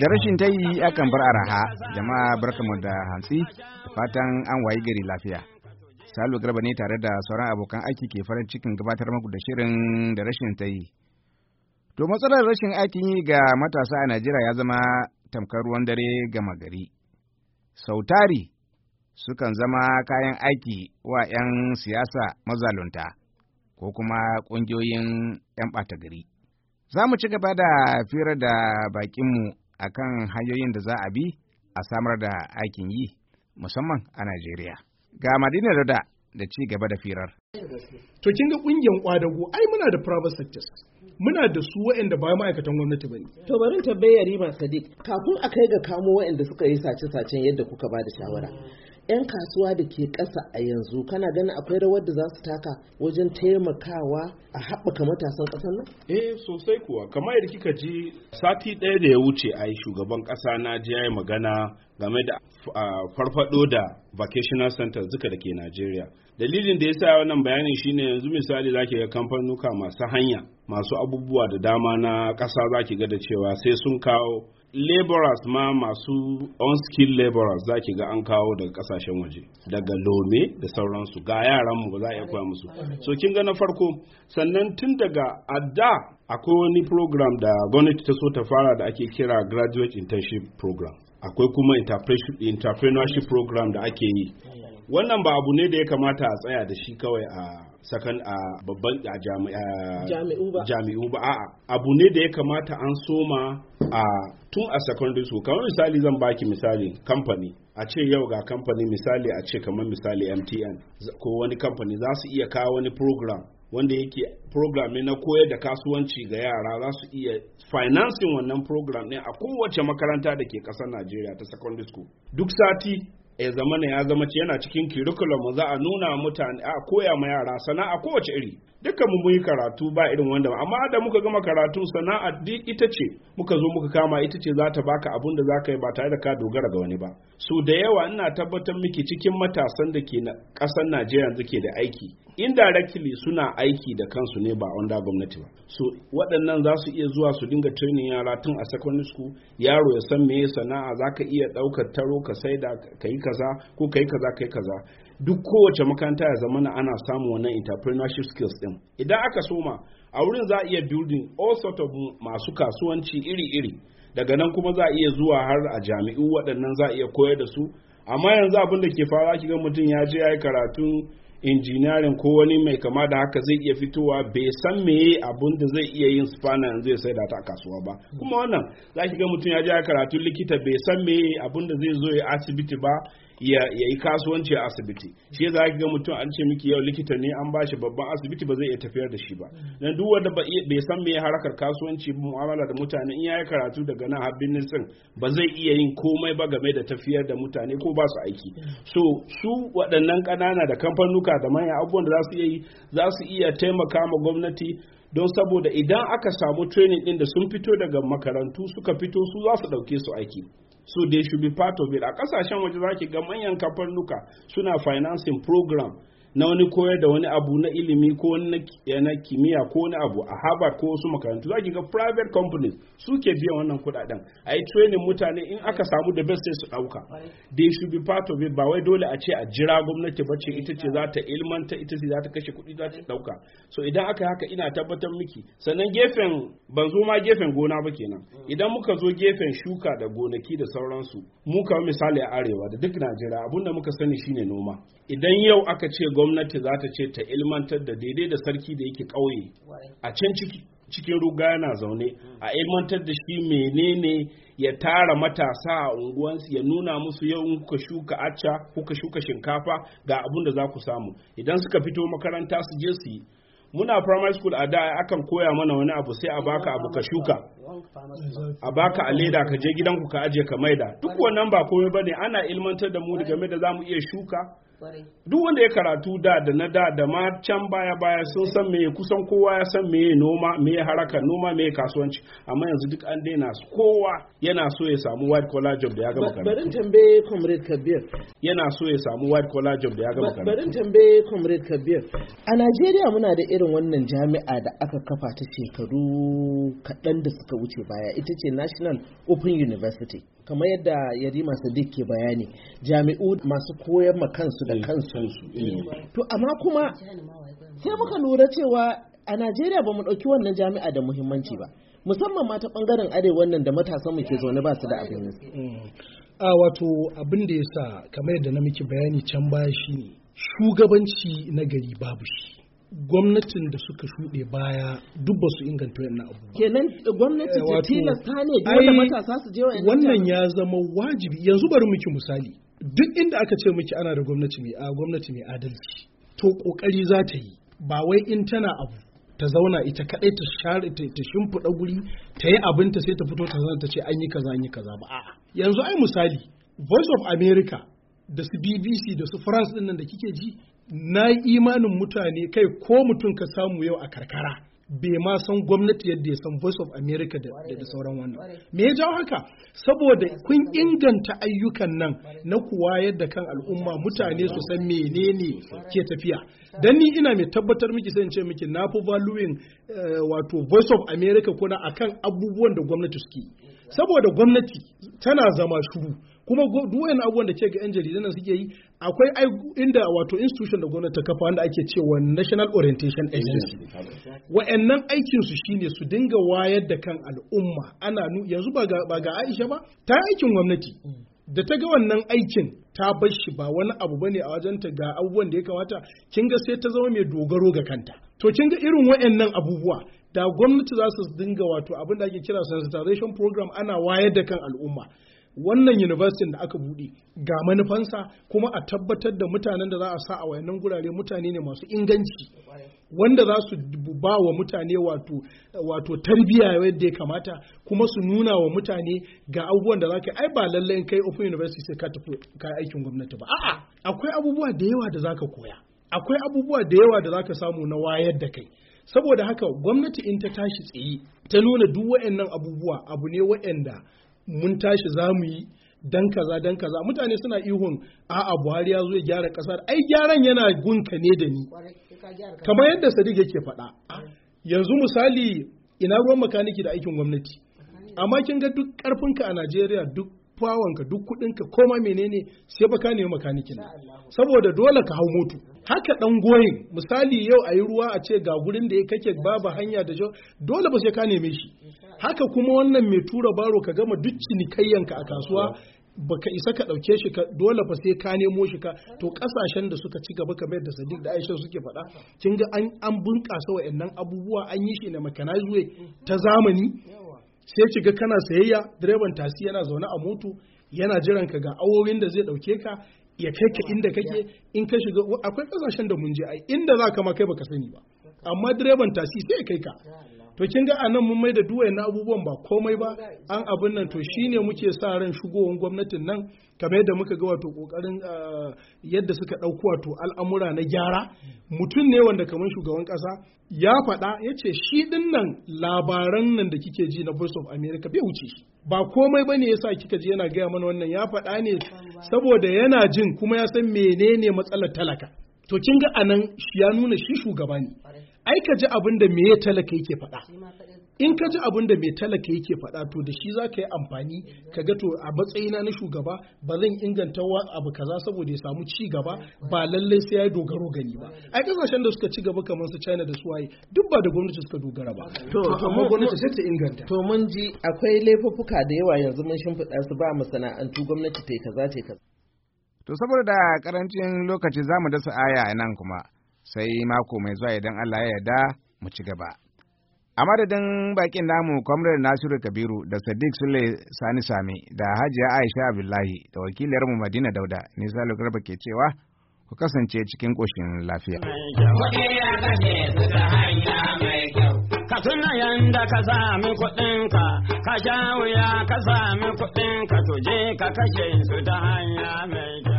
da rashin ta yi akan bar araha jama'a barkamu da hantsi fatan an wayi gari lafiya salu garba ne tare da sauran abokan aiki ke farin cikin gabatar muku da shirin da rashin ta yi to matsalar rashin aikin yi ga matasa a najeriya ya zama tamkar ruwan dare gama gari sautari sukan zama kayan aiki wa 'yan siyasa mazalunta ko kuma ƙungiyoyin 'yan ɓata gari Za mu ci gaba da firar da bakinmu a kan hanyoyin da za a bi a samar da aikin yi, musamman a Najeriya. Ga Madina da da ci gaba da firar. To kin ga ƙungiyar kwadago ai muna da private sectors. muna da su waɗanda ba ma'aikatan gwamnati bane ne. To bari tambayar Rima Sadiq kafin a kai ga kamo waɗanda suka yi sace-sacen yadda kuka ba da shawara. 'yan kasuwa da ke ƙasa a yanzu kana ganin akwai rawar da za su taka wajen taimakawa a haɓaka matasan ƙasar nan? eh sosai kuwa kamar yadda kika ji sati ɗaya da ya wuce a yi shugaban ƙasa na ji ya magana game da farfado da vocational center zuka da ke najeriya dalilin da ya sa wannan bayanin shine yanzu misali zaki ga kamfanuka masu hanya masu abubuwa da dama na kasa zaki ga da cewa sai sun kawo laborers ma masu on-skill laborers zaki ga an kawo daga kasashen waje daga lome da sauransu ga yaran mu za a iya koya musu so kin ga na farko sannan tun daga adda akwai wani program da gwamnati ta so ta fara da ake kira graduate internship program akwai kuma entrepreneurship program da ake yi wannan ba abu ne da ya kamata a tsaya da shi kawai a sakan a babban a jami'u ba a'a abu ne da ya kamata an soma a tun a secondary school kamar misali zan baki misali kamfani a ce yau ga kamfani misali a ce kamar misali mtn ko wani kamfani za su iya kawo wani program wanda yake program ne na koyar da kasuwanci ga yara za su iya financing wannan program ne a kowace makaranta da ke ƙasar Najeriya ta secondary school. Duk sati ya zama ya zama ce yana cikin curriculum za a nuna mutane a koya ma yara sana'a kowace iri dukkan mu muyi karatu ba irin wanda ba amma da muka gama karatu sana'a duk ita ce muka zo muka kama ita ce za ta baka abun da za yi ba tare da ka dogara ga wani ba su da yawa ina tabbatar miki cikin matasan da ke na ƙasar Najeriya yanzu ke da aiki indirectly suna aiki da kansu ne ba wanda gwamnati ba so waɗannan za su iya zuwa su dinga training yara tun a secondary school yaro ya san meye sana'a za ka iya ɗaukar taro ka saida ka yi kaza ko ka yi kaza ka kaza duk kowace makaranta ya zamana ana samun wannan entrepreneurship skills ɗin idan aka soma a wurin za a iya building all sort of masu kasuwanci iri-iri daga nan kuma za a iya zuwa har a jami'u waɗannan za a iya koyar da su amma yanzu abin da ke fara kiga mutum ya je ya yi karatun injiniyarin ko wani mai kama da haka zai iya fitowa bai san meye abun da zai iya yin spana yanzu ya sai da ta a kasuwa ba kuma wannan za ki ga mutum ya je karatun likita bai san meye abun da zai zo ya asibiti ba ya yi kasuwanci a asibiti shi za ga mutum an ce miki yau likita ne an bashi babban asibiti ba zai iya tafiyar da shi ba dan duk wanda bai san me harakar kasuwanci mu'amala da mutane in yayi karatu daga nan har birnin ba zai iya yin komai ba game da tafiyar da mutane ko ba su aiki so su waɗannan ƙanana da kamfanuka da manyan abubuwan da za su iya yi za su iya taimaka ma gwamnati don saboda idan aka samu training din da sun fito daga makarantu suka fito su za su ɗauke su aiki so they should be part of it a kasashen waje za ki ga manyan kafarnuka suna financing program na wani koyar da wani abu na ilimi ko eh, na kimiyya ko wani abu a harvard ko wasu makarantu za ki ga private companies suke biyan wannan kudaden a yi training mutane in aka samu da best sai su dauka they should be part of it ba wai dole a ce a jira gwamnati ba ce ita ce za ta ilmanta ita ce za ta kashe kuɗi za ta dauka so idan aka haka ina tabbatar miki sannan gefen ban zo ma gefen gona ba kenan idan muka zo gefen shuka da gonaki da sauransu mu kamar misali a arewa da duk najeriya abinda muka sani shine noma idan yau aka ce gwamnati za ta ce ta ilmantar da daidai da sarki da yake ƙauye a can cikin ruga yana zaune a ilmantar da shi menene ya tara matasa a unguwansu ya nuna musu yau kuka shuka acca kuka shuka shinkafa ga abun da za ku samu idan suka fito makaranta su je su yi muna primary school a da akan koya mana wani abu sai a baka abu ka shuka a baka a leda ka je gidanku ka ajiye ka maida duk wannan ba komai bane ana ilmantar da mu game da zamu iya shuka duk wanda ya karatu da da na da da ma can baya baya sun san me kusan kowa ya san me noma me haraka noma me kasuwanci amma yanzu duk an daina su kowa yana so ya samu white collar job da ya gama karatu barin tambaye comrade kabir yana so ya samu white collar job da ya gama karatu barin tambaye comrade kabir a Najeriya muna da irin wannan jami'a da aka kafa ta shekaru kaɗan da suka wuce baya ita ce National Open University kamar yadda Yarima Sadiq ke bayani jami'u masu koyar ma kansu da da eh. kansu eh. to amma kuma sai muka lura cewa a Najeriya ba mu ɗauki wannan jami'a da muhimmanci ba musamman ma ta bangaren arewa nan da matasan mu ke zaune ba su da abin mm. a wato abin da yasa kamar yadda na miki bayani can baya ne shugabanci na gari babu shi gwamnatin da suka shuɗe baya duk ba su inganta wannan abu kenan gwamnati eh, ta tilasta ne da matasa su je wannan ya zama wajibi yanzu bari miki misali duk inda aka ce miki ana da gwamnati mai a gwamnati mai adalci to kokari za ta yi ba wai in tana abu ta zauna ita kadai ta share ta shimfiɗa guri ta yi abinta sai ta fito ta zauna ta ce an yi kaza an yi kaza ba a'a yanzu ai misali Voice of America da su BBC da su France din nan da kike ji na imanin mutane kai ko mutum ka samu yau a karkara bai ma san gwamnati yadda ya san voice of america da sauran wannan me ya jawo haka saboda kun inganta ayyukan nan na kuwa yadda kan al'umma mutane su san menene ke tafiya dan ni ina mai tabbatar miki sai in ce miki na fi valuing eh, wato voice of america kuna akan abubuwan da gwamnati suke saboda gwamnati tana zama shuru kuma duk wayannan abubuwan da ke ga 'yan jaridan suke yi akwai inda wato institution da gwamnati ta kafa wanda ake cewa national orientation agency wayannan aikinsu su shine su dinga wayar da kan al'umma ana yanzu ba ga Aisha ba ta aikin gwamnati da ta ga wannan aikin ta bar shi ba wani abu bane a ta ga abubuwan da ya kamata kin ga sai ta zama mai dogaro ga kanta to kin ga irin wayannan abubuwa da gwamnati za su dinga wato abin da ake kira sensitization program ana wayar da kan al'umma wannan university da aka buɗe ga manufansa kuma a tabbatar da mutanen da za a sa a wayannan gurare mutane ne masu inganci wanda za su ba wa mutane wato wato tarbiyya yadda ya kamata kuma su nuna wa mutane ga abubuwan da za ka ai ba lallai kai open university sai ka tafi ka aikin gwamnati ba a'a akwai abubuwa da yawa da za koya akwai abubuwa da yawa da zaka samu na wayar da kai saboda haka gwamnati in ta tashi tsaye ta nuna duk waɗannan abubuwa abu ne waɗanda mun tashi za mu yi dan kaza dan kaza mutane suna ihun a'a buhari ya zo ya gyara kasar ai gyaran yana gunka ne da ni kamar yadda sadiq yake faɗa yanzu misali ina ruwan makaniki da aikin gwamnati amma kin ga duk karfinka a najeriya duk fawanka duk kudinka koma menene sai baka ne makanikin saboda dole ka hau moto haka dan goyin misali yau ayi ruwa a ce ga gurin da kake babu hanya da dole ba sai ka neme shi haka kuma wannan mai tura baro ka gama duk cinikayyanka a kasuwa baka isa ka ɗauke shi ka dole fa sai ka nemo shi ka to ƙasashen da suka ci gaba kamar yadda Sadiq da Aisha suke faɗa kin ga an an bunƙasa wayannan abubuwa an yi shi na mechanized ta zamani sai kiga kana sayayya direban tasi yana zaune a moto yana jiran ka ga awowin da zai ɗauke ka ya kai ka inda kake in ka shiga akwai ƙasashen da mun je ai inda za ka ma kai baka sani ba amma direban tasi sai ya kai ka to kin ga anan mun mai da duwaye na abubuwan ba komai ba an abin nan to shine muke sa ran shigowar gwamnatin nan kamar yadda muka ga wato kokarin eh, yadda suka ɗauko wato al'amura na gyara mutum ne wanda kamar shugaban ƙasa ya faɗa yace shi ɗin nan labaran nan da kike ji na voice of america bai wuce shi ba komai ba ne ya sa kika ji yana gaya mana wannan ya faɗa ne saboda yana jin kuma ya san menene matsalar talaka to kin ga anan shi ya nuna shi shugaba ne ai ka ji abin da me talaka yake faɗa in ka ji abin da mai talaka yake faɗa to da shi za ka yi amfani ka ga to a matsayina na shugaba ba zan inganta wa abu kaza saboda ya samu ci gaba ba lallai sai ya dogaro gani ba ai kasashen da suka ci gaba kamar su China da su waye duk ba da gwamnati suka dogara ba to amma gwamnati sai ta inganta to mun ji akwai laifuffuka da yawa yanzu mun shimfiɗa su ba masana'antu gwamnati ta kaza ta kaza to saboda karancin lokaci zamu dasa aya nan kuma sai mako mai zuwa idan Allah ya yarda mu ci gaba. A madadin bakin namu Kwamrar Nasiru Kabiru da Sadiq Sule Sani Sami da Hajiya Aisha Abdullahi da mu Madina Dauda ni Salo Garba ke cewa ku kasance cikin koshin lafiya. Ka tuna yanda ka sami kuɗinka, ka sha wuya ka sami kuɗinka, to je ka kashe su ta hanya mai kyau.